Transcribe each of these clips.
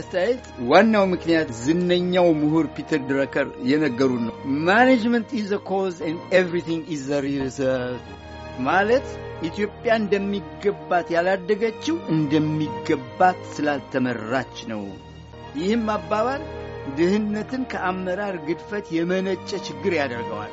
አስተያየት ዋናው ምክንያት ዝነኛው ምሁር ፒተር ድረከር የነገሩን ነው። ማኔጅመንት ኢዘ ኮዝ ኤቭሪቲንግ ኢዘ ሪዘልት ማለት ኢትዮጵያ እንደሚገባት ያላደገችው እንደሚገባት ስላልተመራች ነው። ይህም አባባል ድህነትን ከአመራር ግድፈት የመነጨ ችግር ያደርገዋል።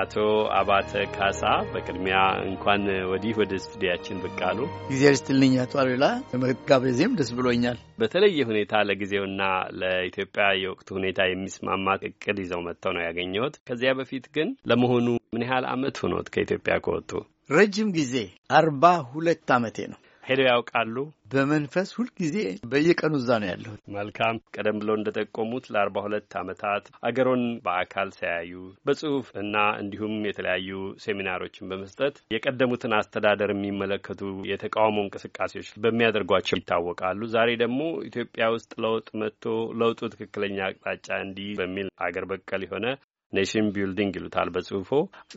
አቶ አባተ ካሳ በቅድሚያ እንኳን ወዲህ ወደ ስቱዲያችን ብቅ አሉ። ጊዜ ርስትልኝ አቶ አሉላ መጋበዜም ደስ ብሎኛል። በተለየ ሁኔታ ለጊዜውና ለኢትዮጵያ የወቅቱ ሁኔታ የሚስማማ እቅድ ይዘው መጥተው ነው ያገኘሁት። ከዚያ በፊት ግን ለመሆኑ ምን ያህል አመት ሆኖት ከኢትዮጵያ ከወጡ? ረጅም ጊዜ አርባ ሁለት አመቴ ነው። ሄደው ያውቃሉ? በመንፈስ ሁልጊዜ በየቀኑ እዛ ነው ያለሁት። መልካም። ቀደም ብለው እንደጠቆሙት ለአርባ ሁለት ዓመታት አገሮን በአካል ሳያዩ በጽሁፍ እና እንዲሁም የተለያዩ ሴሚናሮችን በመስጠት የቀደሙትን አስተዳደር የሚመለከቱ የተቃውሞ እንቅስቃሴዎች በሚያደርጓቸው ይታወቃሉ። ዛሬ ደግሞ ኢትዮጵያ ውስጥ ለውጥ መጥቶ ለውጡ ትክክለኛ አቅጣጫ እንዲህ በሚል አገር በቀል የሆነ ኔሽን ቢልዲንግ ይሉታል በጽሁፎ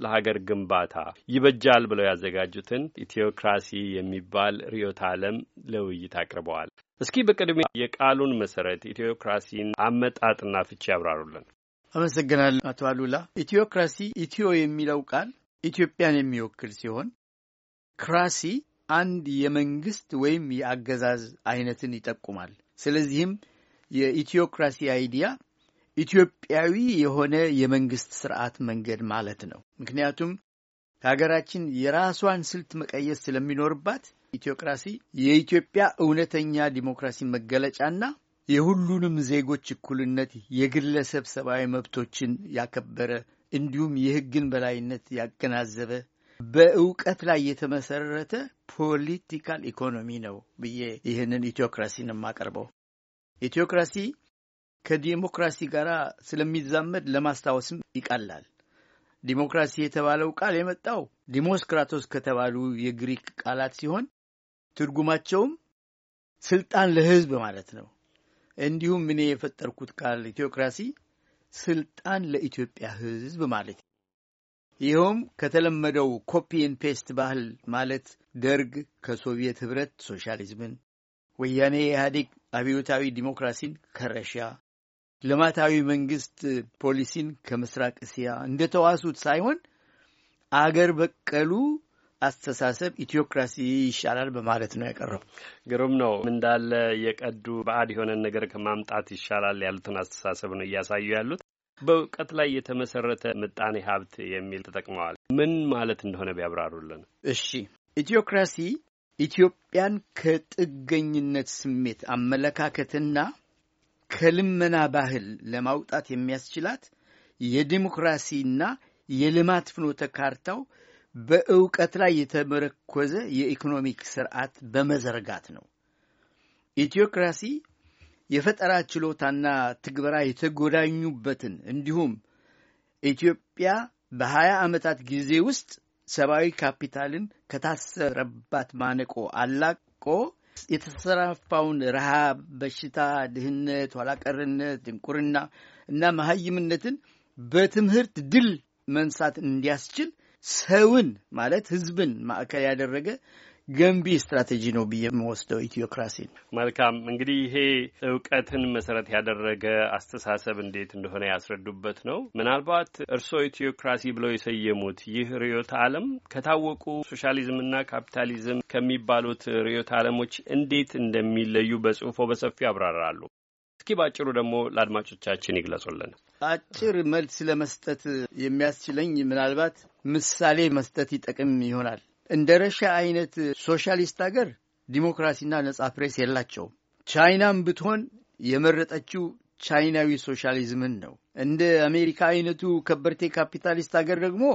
ለሀገር ግንባታ ይበጃል ብለው ያዘጋጁትን ኢትዮክራሲ የሚባል ርዕዮተ ዓለም ለውይይት አቅርበዋል። እስኪ በቅድሚያ የቃሉን መሰረት ኢትዮክራሲን አመጣጥና ፍቺ ያብራሩልን። አመሰግናለሁ አቶ አሉላ። ኢትዮክራሲ ኢትዮ የሚለው ቃል ኢትዮጵያን የሚወክል ሲሆን ክራሲ አንድ የመንግስት ወይም የአገዛዝ አይነትን ይጠቁማል። ስለዚህም የኢትዮክራሲ አይዲያ ኢትዮጵያዊ የሆነ የመንግስት ስርዓት መንገድ ማለት ነው። ምክንያቱም ከሀገራችን የራሷን ስልት መቀየስ ስለሚኖርባት ኢትዮክራሲ የኢትዮጵያ እውነተኛ ዲሞክራሲ መገለጫና የሁሉንም ዜጎች እኩልነት፣ የግለሰብ ሰብአዊ መብቶችን ያከበረ እንዲሁም የሕግን በላይነት ያገናዘበ በእውቀት ላይ የተመሰረተ ፖለቲካል ኢኮኖሚ ነው ብዬ ይህንን ኢትዮክራሲን የማቀርበው። ኢትዮክራሲ ከዲሞክራሲ ጋር ስለሚዛመድ ለማስታወስም ይቀላል። ዲሞክራሲ የተባለው ቃል የመጣው ዲሞስክራቶስ ከተባሉ የግሪክ ቃላት ሲሆን ትርጉማቸውም ስልጣን ለሕዝብ ማለት ነው። እንዲሁም እኔ የፈጠርኩት ቃል ኢትዮክራሲ ስልጣን ለኢትዮጵያ ሕዝብ ማለት ይኸውም ከተለመደው ኮፒን ፔስት ባህል ማለት ደርግ ከሶቪየት ኅብረት ሶሻሊዝምን፣ ወያኔ የኢህአዴግ አብዮታዊ ዲሞክራሲን ከረሻ ልማታዊ መንግስት ፖሊሲን ከምስራቅ እስያ እንደተዋሱት ሳይሆን አገር በቀሉ አስተሳሰብ ኢትዮክራሲ ይሻላል በማለት ነው ያቀረቡ። ግሩም ነው እንዳለ የቀዱ በአድ የሆነን ነገር ከማምጣት ይሻላል ያሉትን አስተሳሰብ ነው እያሳዩ ያሉት። በእውቀት ላይ የተመሰረተ ምጣኔ ሀብት የሚል ተጠቅመዋል። ምን ማለት እንደሆነ ቢያብራሩልን። እሺ፣ ኢትዮክራሲ ኢትዮጵያን ከጥገኝነት ስሜት አመለካከትና ከልመና ባህል ለማውጣት የሚያስችላት የዲሞክራሲና የልማት ፍኖተ ካርታው በእውቀት ላይ የተመረኮዘ የኢኮኖሚክ ስርዓት በመዘርጋት ነው። ኢትዮክራሲ የፈጠራ ችሎታና ትግበራ የተጎዳኙበትን እንዲሁም ኢትዮጵያ በሀያ ዓመታት ጊዜ ውስጥ ሰብአዊ ካፒታልን ከታሰረባት ማነቆ አላቆ የተሰራፋውን ረሃብ፣ በሽታ፣ ድህነት፣ ኋላቀርነት፣ ድንቁርና እና መሀይምነትን በትምህርት ድል መንሳት እንዲያስችል ሰውን ማለት ህዝብን ማዕከል ያደረገ ገንቢ ስትራቴጂ ነው ብዬ የምወስደው ኢትዮክራሲን። መልካም እንግዲህ ይሄ እውቀትን መሰረት ያደረገ አስተሳሰብ እንዴት እንደሆነ ያስረዱበት ነው። ምናልባት እርስዎ ኢትዮክራሲ ብለው የሰየሙት ይህ ርዕዮተ ዓለም ከታወቁ ሶሻሊዝምና ካፒታሊዝም ከሚባሉት ርዕዮተ ዓለሞች እንዴት እንደሚለዩ በጽሁፎ በሰፊው ያብራራሉ። እስኪ በአጭሩ ደግሞ ለአድማጮቻችን ይግለጹልን። አጭር መልስ ለመስጠት የሚያስችለኝ ምናልባት ምሳሌ መስጠት ይጠቅም ይሆናል። እንደ ረሻ አይነት ሶሻሊስት አገር ዲሞክራሲና ነጻ ፕሬስ የላቸውም። ቻይናም ብትሆን የመረጠችው ቻይናዊ ሶሻሊዝምን ነው። እንደ አሜሪካ አይነቱ ከበርቴ ካፒታሊስት አገር ደግሞ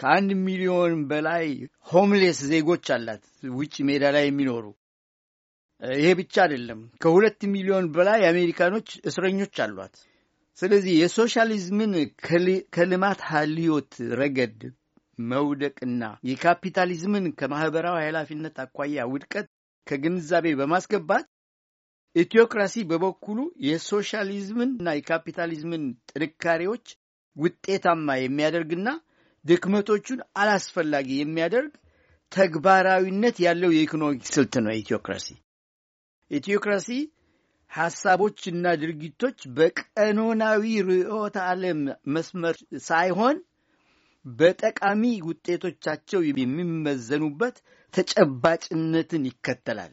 ከአንድ ሚሊዮን በላይ ሆምሌስ ዜጎች አላት ውጭ ሜዳ ላይ የሚኖሩ። ይሄ ብቻ አይደለም፣ ከሁለት ሚሊዮን በላይ አሜሪካኖች እስረኞች አሏት። ስለዚህ የሶሻሊዝምን ከልማት ሀልዮት ረገድ መውደቅና የካፒታሊዝምን ከማኅበራዊ ኃላፊነት አኳያ ውድቀት ከግንዛቤ በማስገባት ኢትዮክራሲ በበኩሉ የሶሻሊዝምንና የካፒታሊዝምን ጥንካሬዎች ውጤታማ የሚያደርግና ድክመቶቹን አላስፈላጊ የሚያደርግ ተግባራዊነት ያለው የኢኮኖሚክ ስልት ነው። ኢትዮክራሲ ኢትዮክራሲ ሐሳቦችና ድርጊቶች በቀኖናዊ ርዕዮተ ዓለም መስመር ሳይሆን በጠቃሚ ውጤቶቻቸው የሚመዘኑበት ተጨባጭነትን ይከተላል።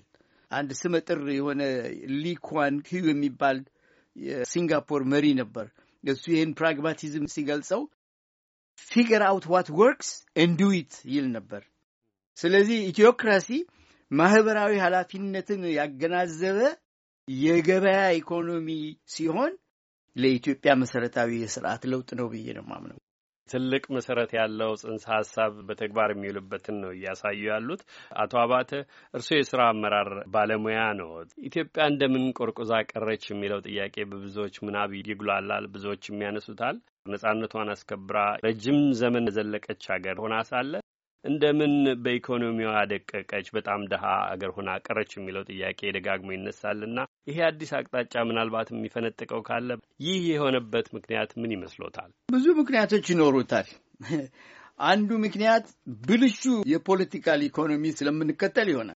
አንድ ስመጥር የሆነ ሊኳን ሂዩ የሚባል የሲንጋፖር መሪ ነበር። እሱ ይህን ፕራግማቲዝም ሲገልጸው ፊገር አውት ዋት ወርክስ እንዱዊት ይል ነበር። ስለዚህ ኢትዮክራሲ ማህበራዊ ኃላፊነትን ያገናዘበ የገበያ ኢኮኖሚ ሲሆን ለኢትዮጵያ መሰረታዊ የስርዓት ለውጥ ነው ብዬ ነው የማምነው። ትልቅ መሰረት ያለው ጽንሰ ሀሳብ በተግባር የሚውልበትን ነው እያሳዩ ያሉት። አቶ አባተ እርስዎ የስራ አመራር ባለሙያ ነው። ኢትዮጵያ እንደምን ቆርቁዛ ቀረች የሚለው ጥያቄ በብዙዎች ምናብ ይጉላላል፣ ብዙዎችም ያነሱታል። ነጻነቷን አስከብራ ረጅም ዘመን የዘለቀች ሀገር ሆና ሳለ እንደምን በኢኮኖሚዋ አደቀቀች በጣም ድሀ አገር ሆና ቀረች የሚለው ጥያቄ ደጋግሞ ይነሳልና ይሄ አዲስ አቅጣጫ ምናልባት የሚፈነጥቀው ካለ ይህ የሆነበት ምክንያት ምን ይመስሎታል? ብዙ ምክንያቶች ይኖሩታል። አንዱ ምክንያት ብልሹ የፖለቲካል ኢኮኖሚ ስለምንከተል ይሆናል።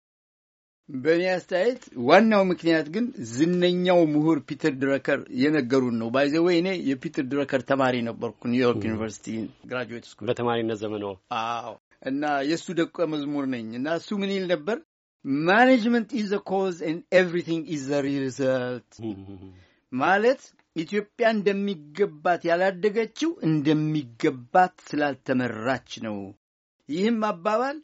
በእኔ አስተያየት ዋናው ምክንያት ግን ዝነኛው ምሁር ፒተር ድረከር የነገሩን ነው። ባይዘ ወይ እኔ የፒተር ድረከር ተማሪ ነበርኩ ኒውዮርክ ዩኒቨርሲቲ ግራጁዌት ስኩል በተማሪነት ዘመኖ። አዎ እና የእሱ ደቀ መዝሙር ነኝ እና እሱ ምን ይል ነበር? ማኔጅመንት ኢዘ ኮዝ ን ኤቭሪቲንግ ኢዘ ሪዘልት ማለት ኢትዮጵያ እንደሚገባት ያላደገችው እንደሚገባት ስላልተመራች ነው። ይህም አባባል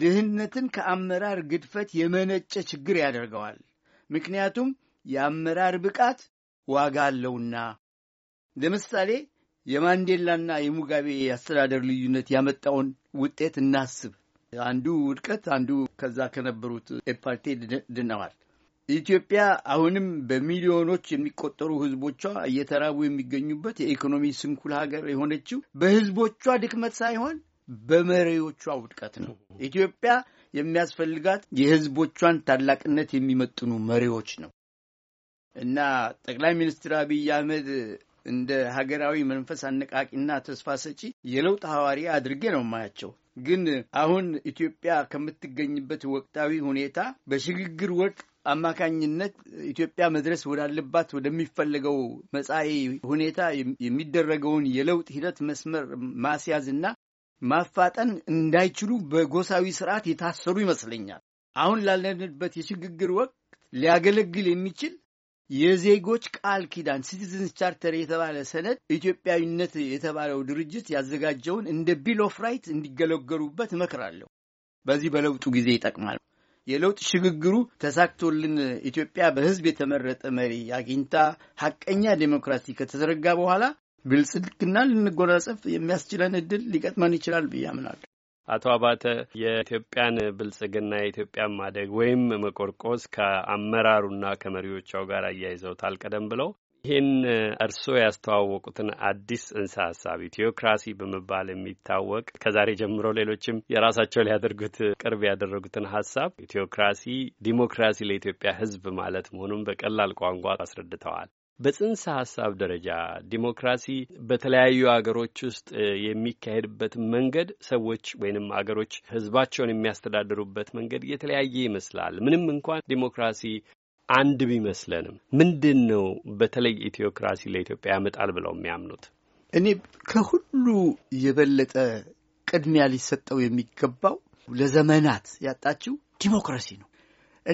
ድህነትን ከአመራር ግድፈት የመነጨ ችግር ያደርገዋል። ምክንያቱም የአመራር ብቃት ዋጋ አለውና። ለምሳሌ የማንዴላና የሙጋቤ አስተዳደር ልዩነት ያመጣውን ውጤት እናስብ። አንዱ ውድቀት፣ አንዱ ከዛ ከነበሩት ኤፓርቴ ድነዋል። ኢትዮጵያ አሁንም በሚሊዮኖች የሚቆጠሩ ህዝቦቿ እየተራቡ የሚገኙበት የኢኮኖሚ ስንኩል ሀገር የሆነችው በህዝቦቿ ድክመት ሳይሆን በመሪዎቿ ውድቀት ነው። ኢትዮጵያ የሚያስፈልጋት የህዝቦቿን ታላቅነት የሚመጥኑ መሪዎች ነው እና ጠቅላይ ሚኒስትር አብይ አህመድ እንደ ሀገራዊ መንፈስ አነቃቂና ተስፋ ሰጪ የለውጥ ሐዋሪ አድርጌ ነው የማያቸው። ግን አሁን ኢትዮጵያ ከምትገኝበት ወቅታዊ ሁኔታ በሽግግር ወቅት አማካኝነት ኢትዮጵያ መድረስ ወዳለባት ወደሚፈለገው መጻኢ ሁኔታ የሚደረገውን የለውጥ ሂደት መስመር ማስያዝና ማፋጠን እንዳይችሉ በጎሳዊ ስርዓት የታሰሩ ይመስለኛል። አሁን ላለንበት የሽግግር ወቅት ሊያገለግል የሚችል የዜጎች ቃል ኪዳን ሲቲዝንስ ቻርተር የተባለ ሰነድ ኢትዮጵያዊነት የተባለው ድርጅት ያዘጋጀውን እንደ ቢል ኦፍ ራይት እንዲገለገሉበት እመክራለሁ። በዚህ በለውጡ ጊዜ ይጠቅማል። የለውጥ ሽግግሩ ተሳክቶልን ኢትዮጵያ በሕዝብ የተመረጠ መሪ አግኝታ ሐቀኛ ዴሞክራሲ ከተዘረጋ በኋላ ብልጽግና ልንጎናጸፍ የሚያስችለን እድል ሊገጥመን ይችላል ብዬ አምናለሁ። አቶ አባተ የኢትዮጵያን ብልጽግና የኢትዮጵያን ማደግ ወይም መቆርቆስ ከአመራሩና ከመሪዎቻው ጋር አያይዘውታል። ቀደም ብለው ይህን እርስዎ ያስተዋወቁትን አዲስ እንስሳ ሀሳብ ኢትዮክራሲ በመባል የሚታወቅ ከዛሬ ጀምሮ ሌሎችም የራሳቸው ሊያደርጉት ቅርብ ያደረጉትን ሀሳብ ኢትዮክራሲ ዲሞክራሲ ለኢትዮጵያ ሕዝብ ማለት መሆኑን በቀላል ቋንቋ አስረድተዋል። በጽንሰ ሀሳብ ደረጃ ዲሞክራሲ በተለያዩ አገሮች ውስጥ የሚካሄድበት መንገድ ሰዎች ወይንም አገሮች ህዝባቸውን የሚያስተዳድሩበት መንገድ የተለያየ ይመስላል። ምንም እንኳን ዲሞክራሲ አንድ ቢመስለንም ምንድን ነው በተለይ ኢትዮክራሲ ለኢትዮጵያ ያመጣል ብለው የሚያምኑት? እኔ ከሁሉ የበለጠ ቅድሚያ ሊሰጠው የሚገባው ለዘመናት ያጣችው ዲሞክራሲ ነው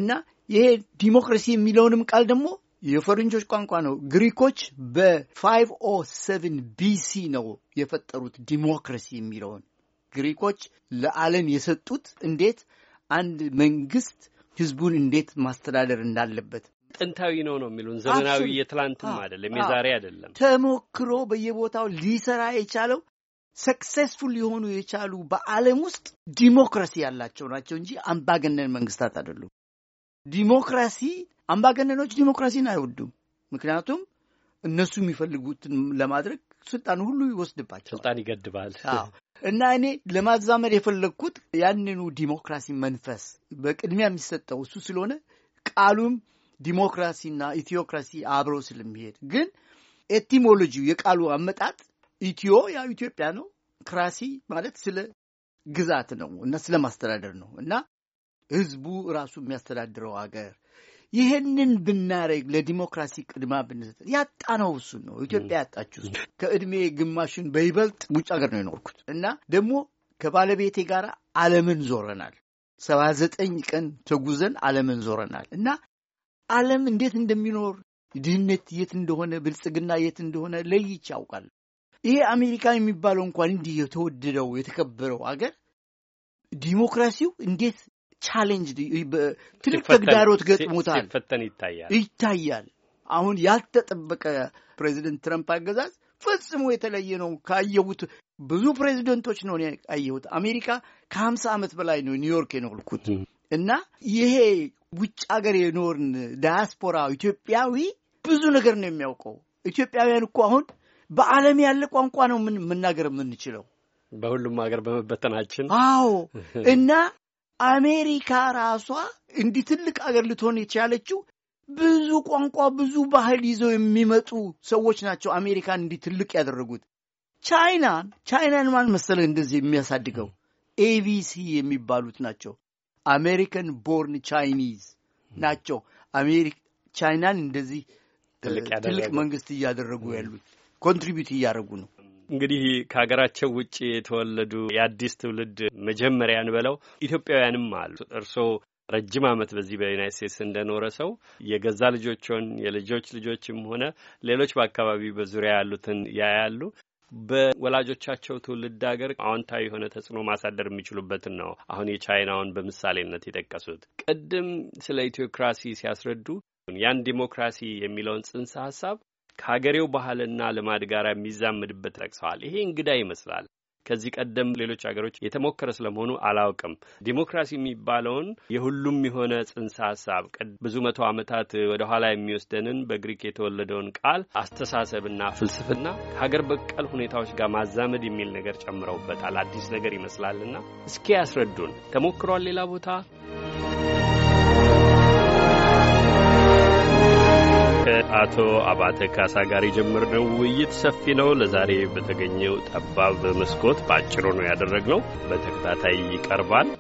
እና ይሄ ዲሞክራሲ የሚለውንም ቃል ደግሞ የፈረንጆች ቋንቋ ነው። ግሪኮች በ ኦ ቢሲ ነው የፈጠሩት ዲሞክራሲ የሚለውን ግሪኮች ለዓለም የሰጡት እንዴት አንድ መንግስት ህዝቡን እንዴት ማስተዳደር እንዳለበት ጥንታዊ ነው ነው የሚሉን ዘመናዊ የትላንትም አይደለም የዛሬ አይደለም። ተሞክሮ በየቦታው ሊሰራ የቻለው ሰክሴስፉል ሊሆኑ የቻሉ በዓለም ውስጥ ዲሞክራሲ ያላቸው ናቸው እንጂ አምባገነን መንግስታት አይደሉም። ዲሞክራሲ አምባገነኖች ዲሞክራሲን አይወዱም። ምክንያቱም እነሱ የሚፈልጉትን ለማድረግ ስልጣን ሁሉ ይወስድባቸዋል፣ ስልጣን ይገድባል። እና እኔ ለማዛመድ የፈለግኩት ያንኑ ዲሞክራሲ መንፈስ በቅድሚያ የሚሰጠው እሱ ስለሆነ ቃሉም ዲሞክራሲና ኢትዮክራሲ አብሮ ስለሚሄድ ግን ኤቲሞሎጂው የቃሉ አመጣጥ ኢትዮ ያው ኢትዮጵያ ነው። ክራሲ ማለት ስለ ግዛት ነው እና ስለ ማስተዳደር ነው እና ህዝቡ ራሱ የሚያስተዳድረው ሀገር ይህንን ብናረግ ለዲሞክራሲ ቅድማ ብንሰጥ ያጣነው እሱን ነው። ኢትዮጵያ ያጣችው ከእድሜ ግማሽን በይበልጥ ውጭ ሀገር ነው የኖርኩት እና ደግሞ ከባለቤቴ ጋር ዓለምን ዞረናል። ሰባ ዘጠኝ ቀን ተጉዘን ዓለምን ዞረናል እና ዓለም እንዴት እንደሚኖር ድህነት የት እንደሆነ፣ ብልጽግና የት እንደሆነ ለይቼ አውቃለሁ። ይሄ አሜሪካ የሚባለው እንኳን እንዲህ የተወደደው የተከበረው አገር ዲሞክራሲው እንዴት ቻሌንጅ ትልቅ ተግዳሮት ገጥሞታል፣ ሲፈተን ይታያል ይታያል። አሁን ያልተጠበቀ ፕሬዚደንት ትረምፕ አገዛዝ ፈጽሞ የተለየ ነው። ካየሁት ብዙ ፕሬዚደንቶች ነው ያየሁት። አሜሪካ ከሀምሳ ዓመት በላይ ነው ኒውዮርክ የኖርኩት እና ይሄ ውጭ ሀገር የኖርን ዳያስፖራ ኢትዮጵያዊ ብዙ ነገር ነው የሚያውቀው። ኢትዮጵያውያን እኮ አሁን በዓለም ያለ ቋንቋ ነው ምን መናገር የምንችለው በሁሉም ሀገር በመበተናችን። አዎ እና አሜሪካ ራሷ እንዲህ ትልቅ አገር ልትሆን የቻለችው ብዙ ቋንቋ፣ ብዙ ባህል ይዘው የሚመጡ ሰዎች ናቸው አሜሪካን እንዲህ ትልቅ ያደረጉት። ቻይናን ቻይናን ማን መሰለ እንደዚህ የሚያሳድገው ኤቢሲ የሚባሉት ናቸው። አሜሪካን ቦርን ቻይኒዝ ናቸው። ቻይናን እንደዚህ ትልቅ መንግስት እያደረጉ ያሉት ኮንትሪቢዩት እያደረጉ ነው። እንግዲህ ከሀገራቸው ውጭ የተወለዱ የአዲስ ትውልድ መጀመሪያን ብለው ኢትዮጵያውያንም አሉ። እርስዎ ረጅም ዓመት በዚህ በዩናይት ስቴትስ እንደኖረ ሰው የገዛ ልጆችን የልጆች ልጆችም ሆነ ሌሎች በአካባቢ በዙሪያ ያሉትን ያያሉ። በወላጆቻቸው ትውልድ ሀገር አዎንታዊ የሆነ ተጽዕኖ ማሳደር የሚችሉበትን ነው። አሁን የቻይናውን በምሳሌነት የጠቀሱት ቅድም ስለ ኢትዮክራሲ ሲያስረዱ ያን ዲሞክራሲ የሚለውን ጽንሰ ሀሳብ ከሀገሬው ባህልና ልማድ ጋር የሚዛምድበት ጠቅሰዋል። ይሄ እንግዳ ይመስላል። ከዚህ ቀደም ሌሎች ሀገሮች የተሞከረ ስለመሆኑ አላውቅም። ዲሞክራሲ የሚባለውን የሁሉም የሆነ ጽንሰ ሀሳብ ብዙ መቶ ዓመታት ወደኋላ የሚወስደንን በግሪክ የተወለደውን ቃል አስተሳሰብና ፍልስፍና ከሀገር በቀል ሁኔታዎች ጋር ማዛመድ የሚል ነገር ጨምረውበታል። አዲስ ነገር ይመስላልና እስኪ ያስረዱን። ተሞክሯል ሌላ ቦታ አቶ አባተ ካሳ ጋር የጀመርነው ውይይት ሰፊ ነው። ለዛሬ በተገኘው ጠባብ መስኮት በአጭሩ ነው ያደረግነው። በተከታታይ ይቀርባል።